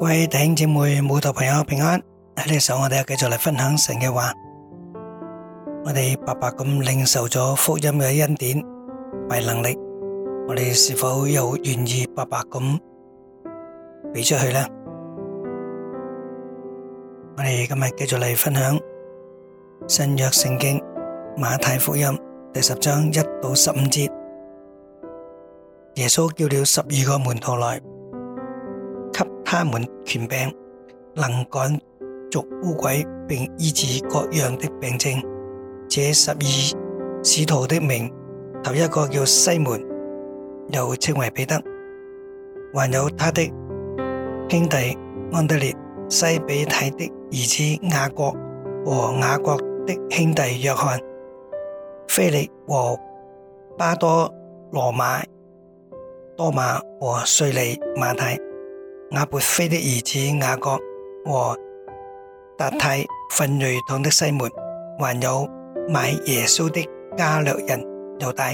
各位弟兄姐妹、慕道朋友平安，喺呢首我哋又繼續嚟分享神嘅話，我哋白白咁領受咗福音嘅恩典，為能力，我哋是否又願意白白咁俾出去呢？我哋今日繼續嚟分享新約聖經馬太福音第十章一到十五節，耶穌叫了十二個門徒來，給他們。權柄，能趕逐污鬼，並醫治各樣的病症。這十二使徒的名，頭一個叫西門，又稱為彼得，還有他的兄弟安德烈、西庇太的兒子雅各和雅各的兄弟約翰、腓力和巴多羅買、多馬和稅吏馬太。亞伯非的兒子雅各和達太奮銳黨的西門，還有買耶穌的加略人猶大，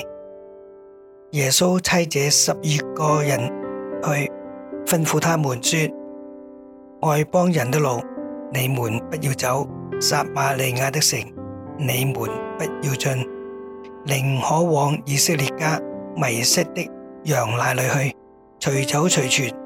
耶穌差這十二個人去吩咐他們說：外邦人的路，你們不要走；撒馬利亞的城，你們不要進；寧可往以色列家迷失的羊那裏去，隨走隨存。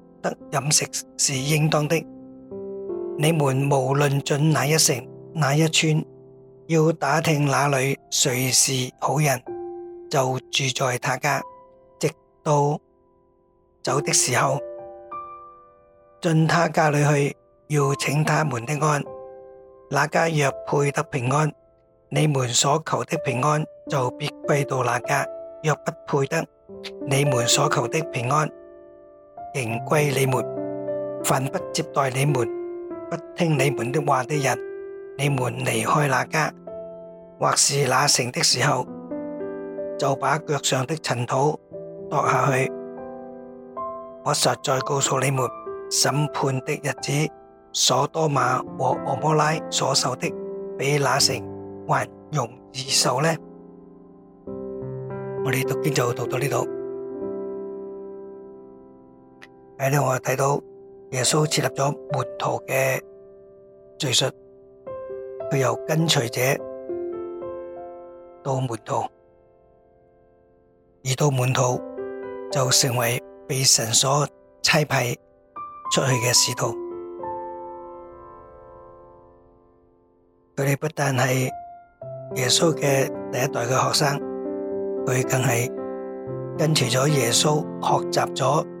得飲食是應當的。你們無論進哪一城、哪一村，要打聽那裏誰是好人，就住在他家，直到走的時候。進他家裏去，要請他們的安。那家若配得平安，你們所求的平安就必歸到那家；若不配得，你們所求的平安，仍歸你們，凡不接待你們、不聽你們的話的人，你們離開那家或是那城的時候，就把腳上的塵土跺下去。我實在告訴你們，審判的日子，所多瑪和蛾摩拉所受的，比那城還容易受呢。我哋今日就讀到呢度。喺呢，我睇到耶穌設立咗門徒嘅敘述，佢由跟隨者到門徒，而到門徒就成為被神所差派出去嘅使徒。佢哋不但係耶穌嘅第一代嘅學生，佢更係跟隨咗耶穌學習咗。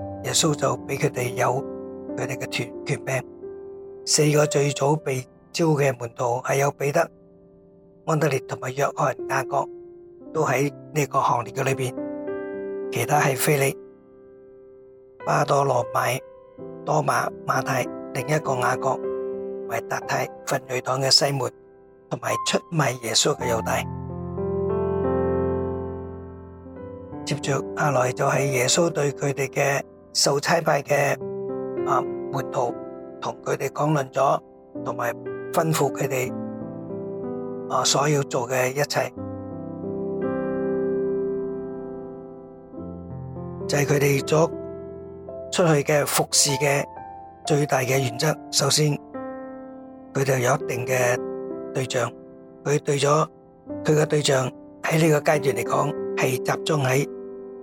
耶穌就俾佢哋有佢哋嘅權柄，四個最早被召嘅門徒係有彼得、安德烈同埋約翰、雅各，都喺呢個行列嘅裏邊。其他係腓利、巴多羅買、多馬、馬太，另一個雅各，同埋達太、奮銳黨嘅西門，同埋出賣耶穌嘅猶大。接着下來就係耶穌對佢哋嘅。受差派嘅，啊門徒同佢哋講論咗，同埋吩咐佢哋啊所要做嘅一切，就係佢哋做出去嘅服侍嘅最大嘅原則。首先，佢哋有一定嘅對象，佢對咗佢嘅對象喺呢個階段嚟講係集中喺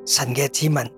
神嘅子民。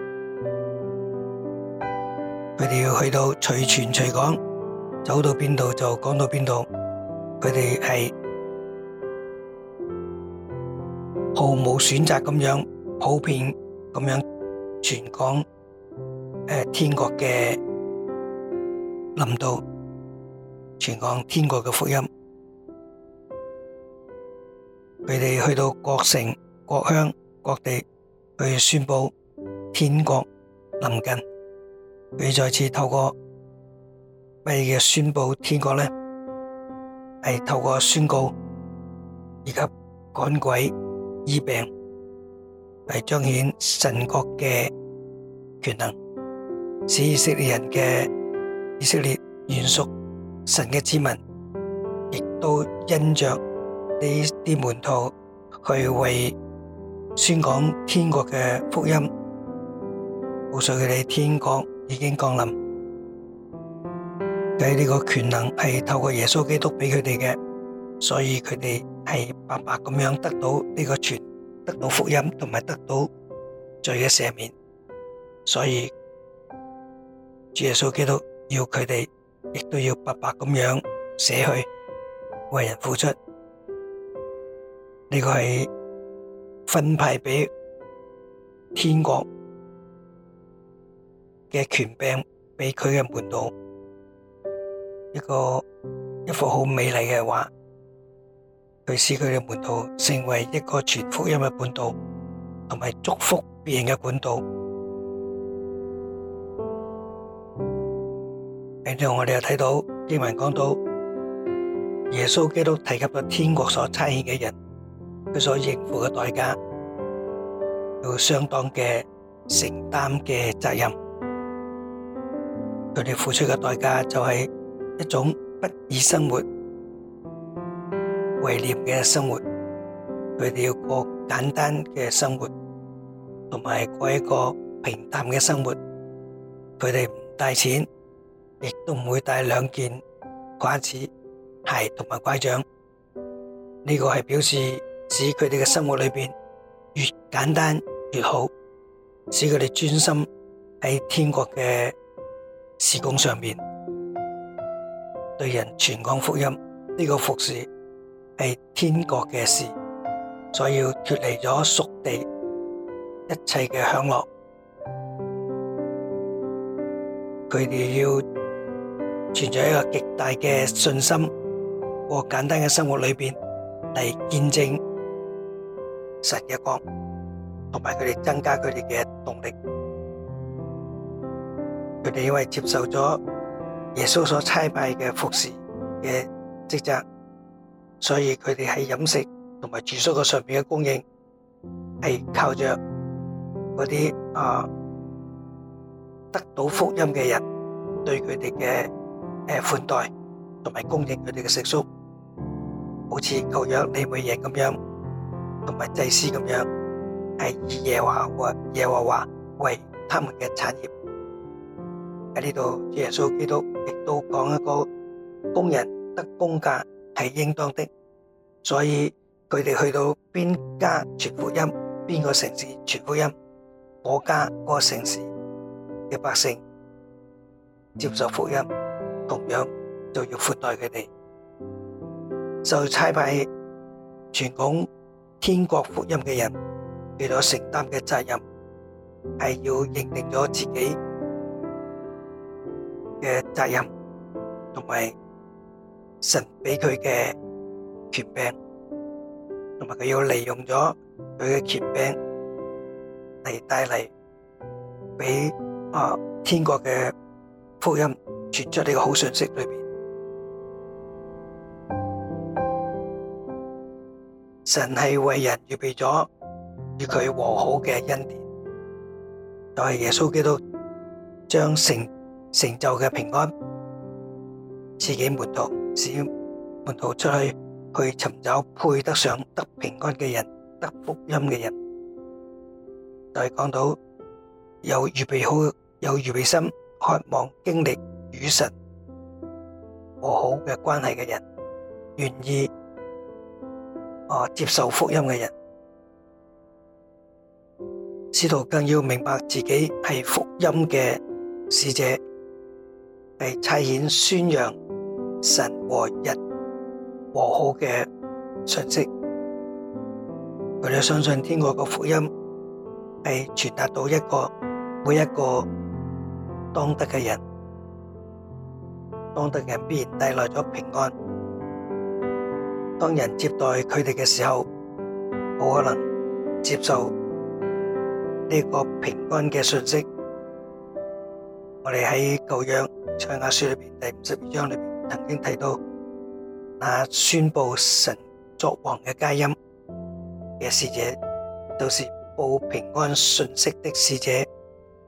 你要去到隨傳隨講，走到邊度就講到邊度。佢哋係毫無選擇咁樣，普遍咁樣傳講誒天國嘅臨到，傳講天國嘅福音。佢哋去到各城、各鄉、各地去宣布天國臨近。佢再次透過咩嘅宣布天國咧？係透過宣告以及趕鬼醫病，嚟彰顯神國嘅權能，使以色列人嘅，以色列原屬神嘅子民，亦都因着呢啲門徒去為宣講天國嘅福音，告訴佢哋天國。已經降臨，佢呢個權能係透過耶穌基督俾佢哋嘅，所以佢哋係白白咁樣得到呢個權，得到福音同埋得到罪嘅赦免。所以主耶穌基督要佢哋，亦都要白白咁樣捨去，為人付出。呢個係分派俾天國嘅權柄俾佢嘅門徒，一個一幅好美麗嘅畫，去使佢嘅門徒成為一個傳福音嘅管道，同埋祝福別人嘅管道。喺呢度，我哋又睇到經文講到耶穌基督提及咗天國所差遣嘅人，佢所應付嘅代價，有相當嘅承擔嘅責任。佢哋付出嘅代價就係一種不以生活為念嘅生活，佢哋要過簡單嘅生活，同埋過一個平淡嘅生活。佢哋唔帶錢，亦都唔會帶兩件褂子、鞋同埋拐杖。呢個係表示使佢哋嘅生活裏邊越簡單越好，使佢哋專心喺天國嘅事工上面，對人傳講福音呢個服事係天國嘅事，所以要脱離咗屬地一切嘅享樂，佢哋要存在一個極大嘅信心過簡單嘅生活裏面嚟見證神嘅光，同埋佢哋增加佢哋嘅動力。佢哋因為接受咗耶穌所差派嘅服侍嘅職責，所以佢哋喺飲食同埋住宿嘅上面嘅供應，係靠着嗰啲啊得到福音嘅人對佢哋嘅誒款待、同埋供應佢哋嘅食宿，好似舊約利未人咁樣，同埋祭司咁樣，係以耶和華或耶和華為他們嘅產業。喺呢度，耶穌基督亦都講，一個工人得工價係應當的，所以佢哋去到邊家傳福音、邊個城市傳福音，嗰家嗰個城市嘅百姓接受福音，同樣就要款待佢哋。受差派去傳講天國福音嘅人，佢所承擔嘅責任係要認定咗自己。嘅責任，同埋神俾佢嘅權柄，同埋佢要利用咗佢嘅權柄嚟帶嚟俾啊天國嘅福音傳出呢個好信息裏邊，神係為人預備咗與佢和好嘅恩典，就係耶穌基督將成。成就嘅平安，自己門徒，使門徒出去去尋找配得上得平安嘅人，得福音嘅人，就係講到有預備好、有預備心、渴望經歷與神和好嘅關係嘅人，願意啊接受福音嘅人，使徒更要明白自己係福音嘅使者。係差遣宣揚神和人和好嘅信息，佢哋相信天國嘅福音係傳達到一個每一個當得嘅人，當得嘅人必然帶來咗平安。當人接待佢哋嘅時候，冇可能接受呢個平安嘅信息。我哋喺舊約賽亞書》裏面第五十二章裏面曾經提到，那宣布神作王嘅佳音嘅使者，就是報平安訊息的使者，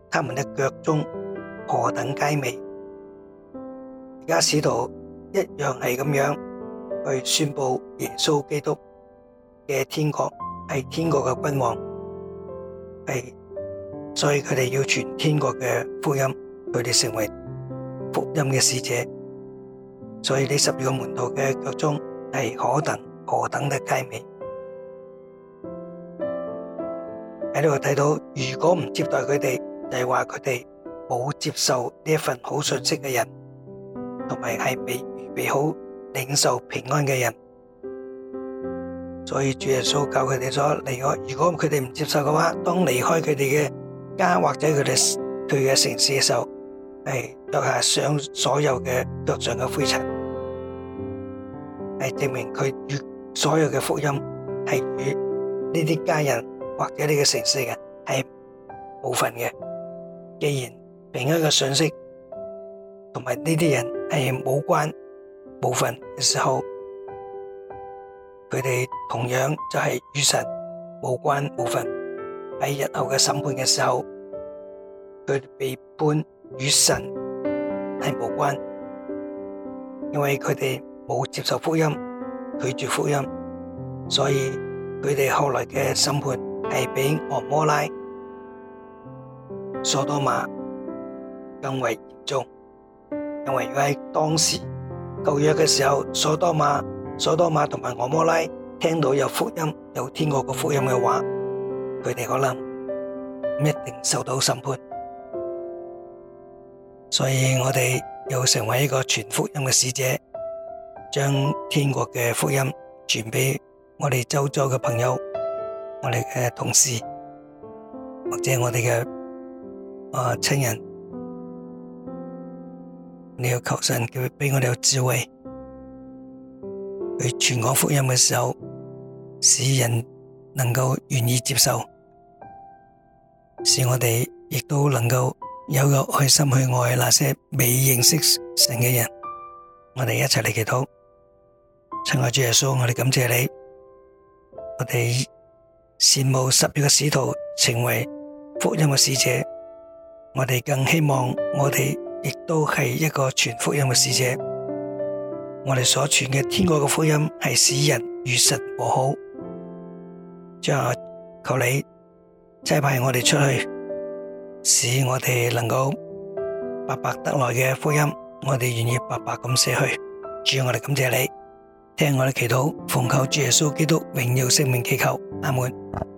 他們嘅腳蹤何等佳美！而家使徒一樣係咁樣去宣布耶穌基督嘅天國係天國嘅君王，係，所以佢哋要傳天國嘅福音。佢哋成為福音嘅使者，所以呢十二個門徒嘅腳蹤係何等何等嘅佳美。喺呢度睇到，如果唔接待佢哋，就係話佢哋冇接受呢一份好信息嘅人，同埋係未預備好領受平安嘅人。所以主耶穌教佢哋咗離開，如果佢哋唔接受嘅話，當離開佢哋嘅家或者佢哋去嘅城市嘅時候。係落下上所有嘅腳上嘅灰塵，係證明佢所有嘅福音係與呢啲家人或者呢個城市嘅係冇份嘅。既然另一個訊息同埋呢啲人係冇關冇份嘅時候，佢哋同樣就係與神冇關冇份。喺日後嘅審判嘅時候，佢被判。與神係無關，因為佢哋冇接受福音，拒絕福音，所以佢哋後來嘅審判係比俄摩拉、所多瑪更為嚴重。因為如果喺當時舊約嘅時候，所多瑪、所多瑪同埋俄摩拉聽到有福音、有天國嘅福音嘅話，佢哋可能唔一定受到審判。所以我哋要成為一個傳福音嘅使者，將天國嘅福音傳俾我哋周遭嘅朋友、我哋嘅同事或者我哋嘅啊親人。你要求神，佢俾我哋有智慧去傳講福音嘅時候，使人能夠願意接受，使我哋亦都能夠。有個愛心去愛那些未認識神嘅人，我哋一齊嚟祈禱。親愛主耶穌，我哋感謝你，我哋羨慕十月嘅使徒成為福音嘅使者，我哋更希望我哋亦都係一個全福音嘅使者。我哋所傳嘅天國嘅福音係使人與神和好。最後求你差派我哋出去。使我哋能夠白白得來嘅福音，我哋願意白白咁捨去。主，要我哋感謝你，聽我哋祈禱，奉求主耶穌基督榮耀聖名祈求，阿門。